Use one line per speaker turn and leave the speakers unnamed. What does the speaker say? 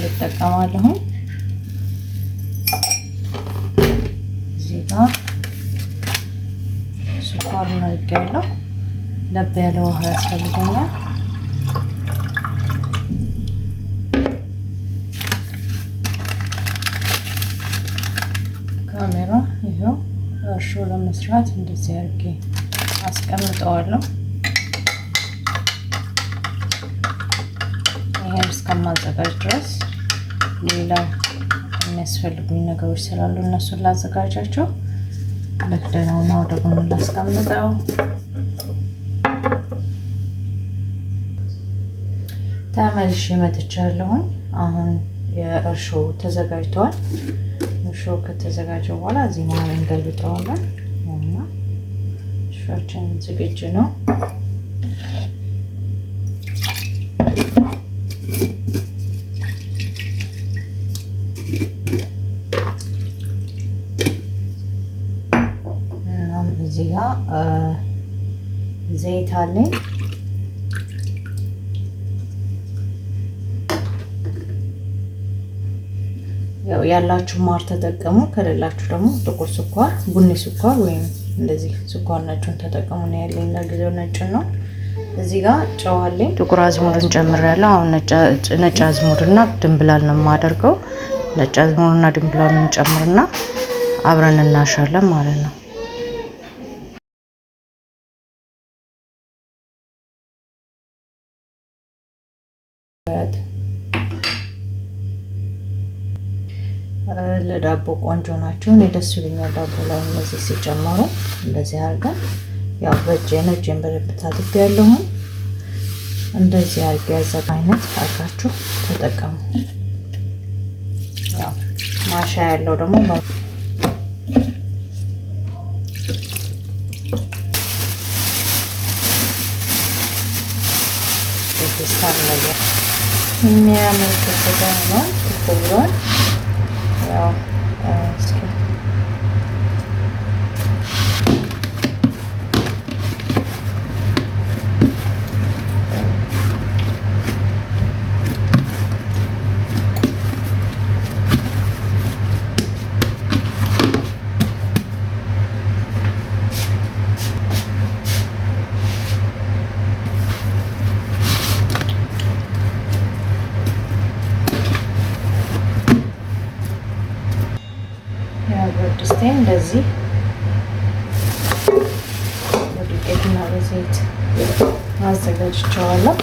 ቅጠል እጠቀማለሁ። እዚህ ጋር ስኳሩን አድርጌያለሁ። ለብ ያለ ውሃ ያስፈልገኛል። ካሜራ ይኸው እርሾ ለመስራት እንደዚህ አድርጌ አስቀምጠዋለሁ። ይሄን እስከማዘጋጅ ድረስ ሌላ የሚያስፈልጉኝ ነገሮች ስላሉ እነሱን ላዘጋጃቸው። ልክደነውና ወደ ጎን ላስቀምጠው። ተመልሼ መጥቻለሁኝ። አሁን የእርሾ ተዘጋጅተዋል። እርሾ ከተዘጋጀ በኋላ እዚህ መሀል እንገልብጠዋለን እና እርሾችን ዝግጁ ነው። እዚህ ጋር ዘይት አለኝ። ያው ያላችሁ ማር ተጠቀሙ። ከሌላችሁ ደግሞ ጥቁር ስኳር፣ ቡኒ ስኳር ወይም እንደዚህ ስኳር ነጩን ተጠቀሙ ነው ያለኝ። ለጊዜው ነጭ ነው። እዚህ ጋር ጨው አለኝ።
ጥቁር አዝሙድን ጨምሬያለሁ። አሁን ነጭ አዝሙድና ድንብላል ነው የማደርገው። ነጭ አዝሙድና ድንብላል እንጨምርና አብረን እናሻለን ማለት ነው።
ለዳቦ ቆንጆ ናቸው። እኔ ደስ ይለኛል ዳቦ ላይ እነዚህ ሲጨመሩ እንደዚህ አድርገን ያው በእጄ ነው እጄን በደንብ ታጥቤ ያለሁን እንደዚህ አድርጌ ያዘጋ አይነት አድርጋችሁ ተጠቀሙ። ማሻ ያለው ደግሞ ስታር ነገር 인내하는 교수자는 부끄러운 የአብረት ድስቴ እንደዚህ በዱቄትና በዘይት አዘጋጅቸዋለሁ።